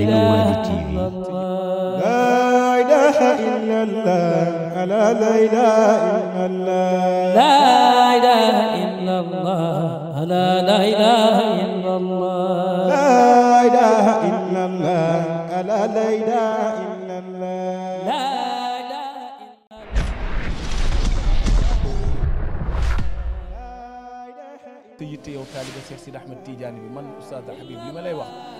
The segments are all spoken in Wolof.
النوادي تي لا إله إلا الله ألا لا إله إلا الله لا إله إلا الله ألا لا إله إلا الله لا إله إلا الله ألا لا إله إلا الله te yitte yow taaliba Cheikh Sidi Ahmed Tidiane bi man oustaz Habib li ma lay wax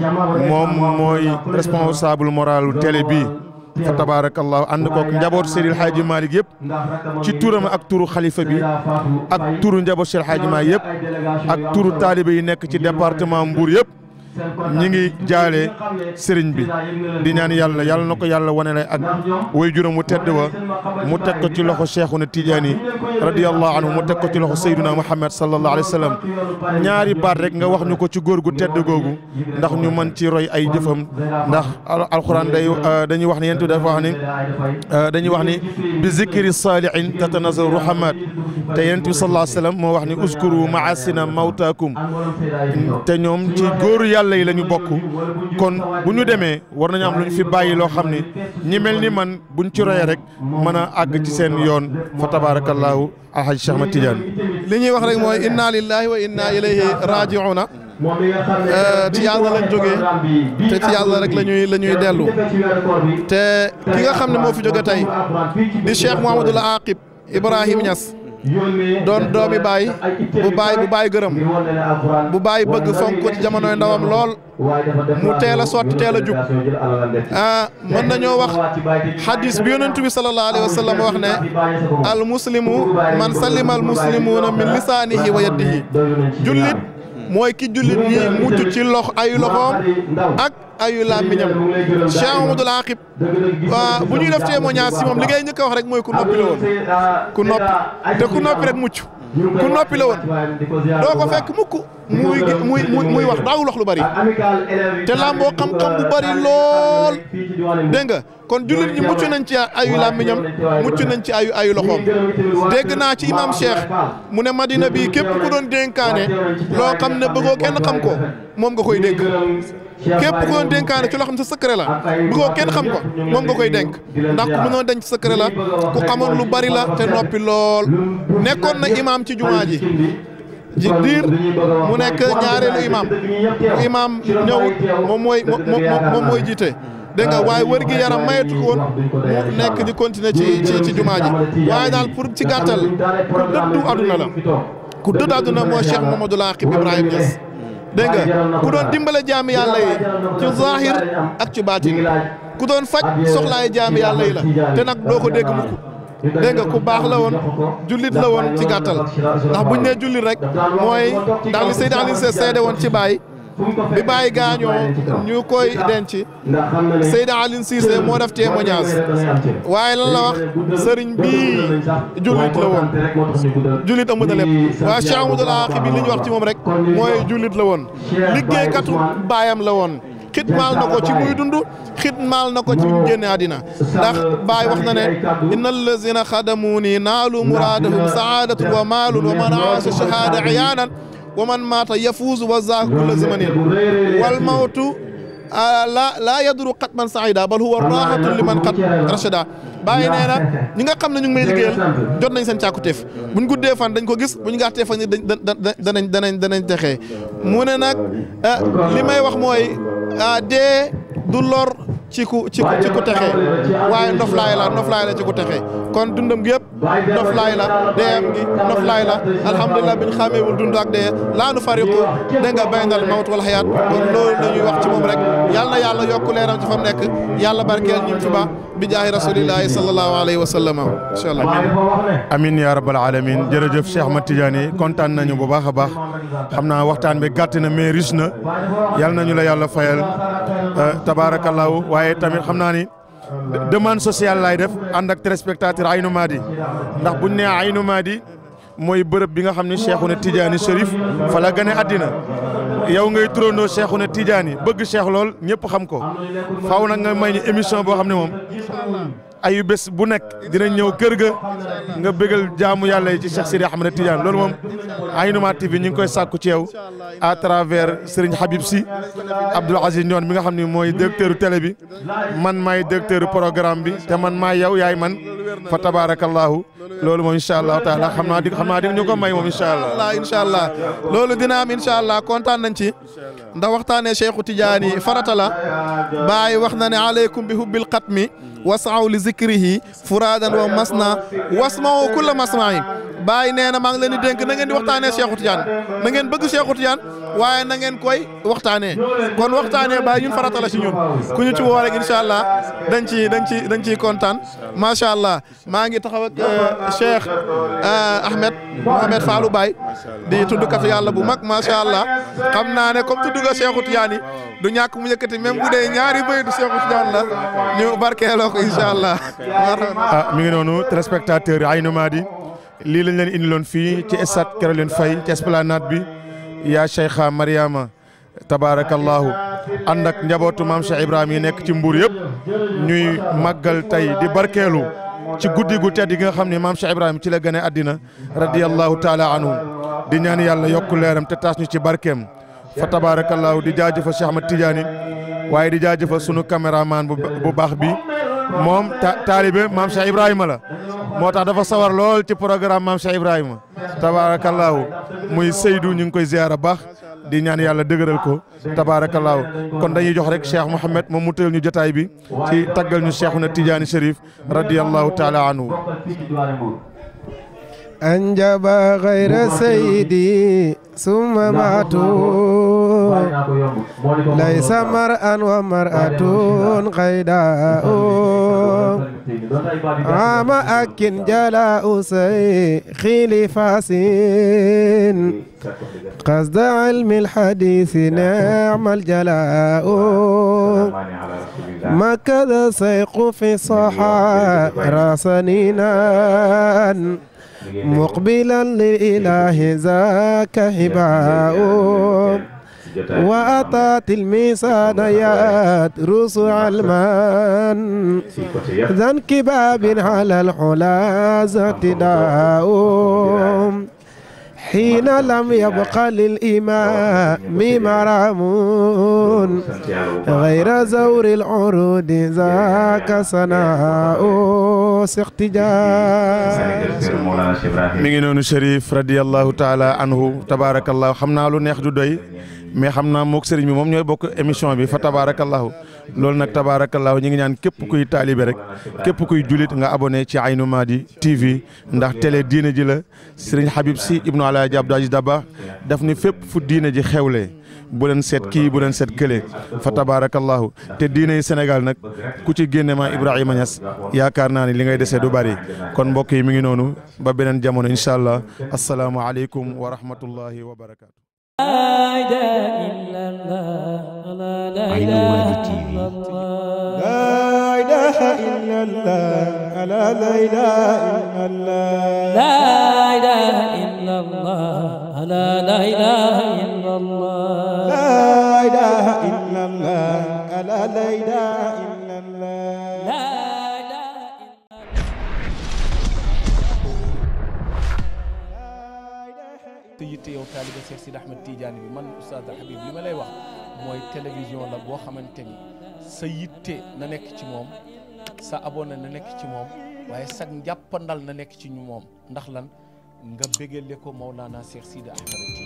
moom mooy responsable moralu télé bi fa tabaarakallahu ànd kook njaboot Seydil Hadji Malick ci turam ak turu xalifa bi ak turu njaboot Seydil Hadji Malick yëpp ak turu taalibe yi nekk ci departement Mbour yëpp ñi ngi jaale sëriñ bi di ñaan yàlla yàlla na ko yàlla wone lay ak way juróom mu tedd wa mu teg ko ci loxo Cheikhuna Tidiane radiyallahu anhu mu teg ko ci loxo Seydina Muhammad sallallahu alayhi wa sallam ñaari baat rek nga wax ñu ko ci góor gu tedd googu ndax ñu mën ci roy ay jëfam ndax alquran day euh, dañuy wax ne yéen dafa wax ni euh, dañuy wax ni bi zikri salihin tatanazaru ruhamat te yéen bi sallallahu alayhi wa moo wax ni uskuru maasina mawtaakum te ñoom ci góoru yàlla la ñu bokk kon bu ñu demee war nañu am lu ñu fi bàyyi loo xam ne ñi mel ni man buñ ci royee rek mën a àgg ci seen yoon fa tabaarakallaahu alxaj Cheikh Ahmad Tidiane li ñuy wax rek mooy inna lillahi wa inna ilayhi rajiuna euh, ci yàlla lañ jógee te ci yàlla rek la ñuy la ñuy dellu te ki nga xam ne moo fi jóge tey di Cheikh Mouhamadoul Aqib Ibrahim Niass doon doomi baay bu baay bu baay gërëm bu baay bëgg fonk ci jamonoy ndawam lool mu teel a sotti teel a jub ah mën nañoo wax xadis bi yonentu bi sallallahu alayhi wa wax ne al muslimu man salima al muslimuuna min lisaanihi wa yi jullit mooy ki jullit ñi mucc ci lox ay loxoom ak ayu làmmiñam Cheikh Mamadou Aqib bu ñuy def témoignage si moom li ngay njëkk wax rek mooy ku noppi la woon ku noppi te ku noppi rek mucc ku noppi la woon doo ko fekk mukk muy muy muy wax daawul wax lu bari te làmboo xam-xam bu bari lool dégg nga kon jullit ñi mucc nañ ci ayu làmmiñam mucc nañ ci ayu ayu loxoom dégg naa ci imam Cheikh mu ne Madina bii képp ku doon dénkaane loo xam ne bëggoo kenn xam ko moom nga koy dénk képp ku doon dénkaane ci loo xam sa secret la bëggoo kenn xam ko moom nga koy dénk ndax ku mënoon denc secret la ku xamoon lu bari la te noppi lool nekkoon na imam ci jumaa ji ji diir mu nekk ñaareelu imaam bu imaam ñëwut moom mooy moom mooy jiite. dégg nga waaye wër gi yaram mayatu ko woon mu nekk di kontine ci ci ci jumaa waaye daal pour ci gàttal ku dëddu aduna la ku dëddu aduna mooy Cheikh Mamadou Lakhib Ibrahima Niass dégg nga ku doon dimbale jaami yàlla yi ci zahir ak ci baatin ku doon faj soxlaay jaami yàlla yi la te nag doo ko dégg mukk dégg nga ku baax la woon jullit la woon ci gàttal ndax buñ nee jullit rek mooy ndax li Seydina Alioune Cissé seede woon ci Baye bi Baye gaañoo ñu koy denc Seydina Alioune Cissé moo def témoignage waaye lan la wax sëriñ bii jullit la woon jullit amut a lépp waaye Cheikh Amadou Akhi bi li ñu wax ci moom rek mooy jullit la woon liggéeykatu baayam la woon xitmaal na ko ci muy dund xitmaal na ko ci mu génne àddina ndax baay wax na ne inna allazina xadamuuni naalu muraadahum saadatun wa maalun wa man aasa shahaada iyaanan wa man maata yafuuzu wa zaaku kulla zamanin wal mawtu Ah, la laa yaduru xat man saida bal huwa raaxatu li man xat rachada bàyyi nee na ñi nga xam ne ñu ngi may liggéeyal jot nañ seen tef bu ñu guddee fan dañ ko gis bu ñu gàttee fan dañ danañ danañ danañ texee mu ne nag ah, li may wax mooy ah, dee du lor ci ku ci ci ku texe waaye noflaay la noflaay la ci ku texe kon dundam gi yëpp noflaay la deem gi noflaay la alhamdulilah bi xàmmeewul dund ak dee laanu fariqu da nga baynal mawt wal loolu la wax ci moom rek yàlla na yàlla yokk ci fa nekk yàlla barkeel ñim fi ba bi jaahi rasulillahi sallallahu alayhi wa sallam incha allah amin ya rabbal alamin jërëjëf Cheikh Ahmad Tidiane kontaan nañu bu baax a baax xam naa waxtaan bi gàtt na mais riche na waaye tamit xam naa ni demande sociale laay def ànd ak téléspectateur Aynou Mady ndax buñ nee Aynou Mady mooy bërëb bi nga xam ne Cheikhouna Tidiane Chérif fa la gane àddina yow ngay turandoo seexu Cheikhouna Tidiane bëgg seex lool ñëpp xam ko faaw nag nga may ñu émission boo xam ne moom ayu bés bu nekk dinañ ñëw kër ga nga bégal jaamu yàlla yi ci Cheikh Sidi Ahmed Tidiane loolu moom Aïnouma TV ñu koy sàkku ci yow à travers Serigne Habib si Abdoul Aziz Ndion mi nga xam ne mooy directeur télé bi man maay directeur programme bi te man maay yow yaay man fa tabarakallahu loolu moom incha allah taala xam naa di xam naa di ñu ko may moom incha allah incha allah loolu dina am incha allah kontaan nañ ci ndax waxtaanee Cheikhu Tidiane farata la Baay wax na ne aleykum bi hubbil xatmi واسعوا لذكره فرادا ومسنا واسمعوا كل مسمع Baye nee na maa ngi leen di dénk na ngeen di waxtaanee Cheikhou Tidiane na ngeen bëgg Cheikhou Tidiane waaye na ngeen koy waxtaanee kon waxtaanee Baye ñun farata la si ñun ku ñu ci woo rek allah dañ ci dañ ci dañ ciy kontaan macha allah maa ngi taxaw ak euh, Cheikh euh, Ahmed Mohamed Fallou Baye di tuddkatu yàlla bu mag macha allah xam naa ne comme tudd nga Cheikhou Tidiane yi du ñàkk mu yëkkati même bu dee ñaari béy du Cheikhou Tidiane la ñu barkeeloo ko incha allah. ah mi ngi noonu téléspectateur Aïnou Mady li lañ leen indi indiloon fii ci stade Caroline fay ci esplanade bi yaa Cheikha Mariama tabaarakallaahu ànd ak njabootu maam Cheikh ibrahim yi nekk ci mbuur yëpp ñuy màggal tey di barkeelu ci guddi gu tedd nga xam ne maam Cheikh ibrahim ci la gane àddina radiyallahu taala anhu di ñaan yàlla yokk leeram te taas ñu ci barkeem fa tabaarakallaahu di jaajëfa Cheikh Ahmad Tidiane waaye di jaajëfa sunu caméraman bu baax bi moom taalibe maam Cheikh Ibrahima la moo tax dafa sawar lool ci programme maam Cheikh Ibrahima tabaarakallaahu muy Seydou ñu ngi koy ziyaara baax di ñaan yàlla dëgëral ko tabaarakallaahu kon dañuy jox rek Cheikh Mouhamed moom mu tëyal ñu jotaay bi ci taggal ñu Cheikhuna Tidiane Chérif radiyallahu taala anhu anjaba ghayra saydi summa maatu ليس مرأة ومرأة غيداء عما أكن جلاء سيخ لفاس قصد علم الحديث نعم الجلاء ما كذا سيق في صحا راسنينا مقبلا للإله ذاك هباء واتى تلميذان يات رسو علمان ذن كباب على الحلا زتداؤهم حين لم يبقى للإمام مرامون غير زور العرود ذاك صناء سقتجا مينون الشريف رضي الله تعالى عنه تبارك الله حمنا لو نخجو mais xam naa mook sëriñ bi moom ñooy bokk émission bi fa tabaarakallaahu loolu nag tabaarakallaahu ñu ngi ñaan képp kuy taalibe rek képp kuy julit nga abonné ci Aynou Mady TV ndax tele diine ji la sëriñ Habib si ibnu Alaaji Abdou Aziz Dabakh daf ni fépp fu diine ji xewlee bu leen seet kii bu leen seet kële fa tabaarakallaahu te diine yi Sénégal nag ku ci génne ma Ibrahima Niass yaakaar naa ne li ngay dese du bari kon mbokk yi mi ngi noonu ba beneen jamono incha allah asalaamualeykum wa rahmatullahi wa barakaatu. عين الوالد تي في لا اله الا الله لا اله الا الله لا اله الا الله لا اله الا الله لا اله الا الله te yitte yow taaliba Cheikh Sidi Ahmed tiijaan bi man Oustaz Habib li ma lay wax mooy télévision la boo xamante ni sa yitte na nekk ci moom sa abonné na nekk ci moom waaye sa njàppandal na nekk ci ñu moom ndax lan nga bégale ko Maulana Cheikh Sidi Ahmed Tidiane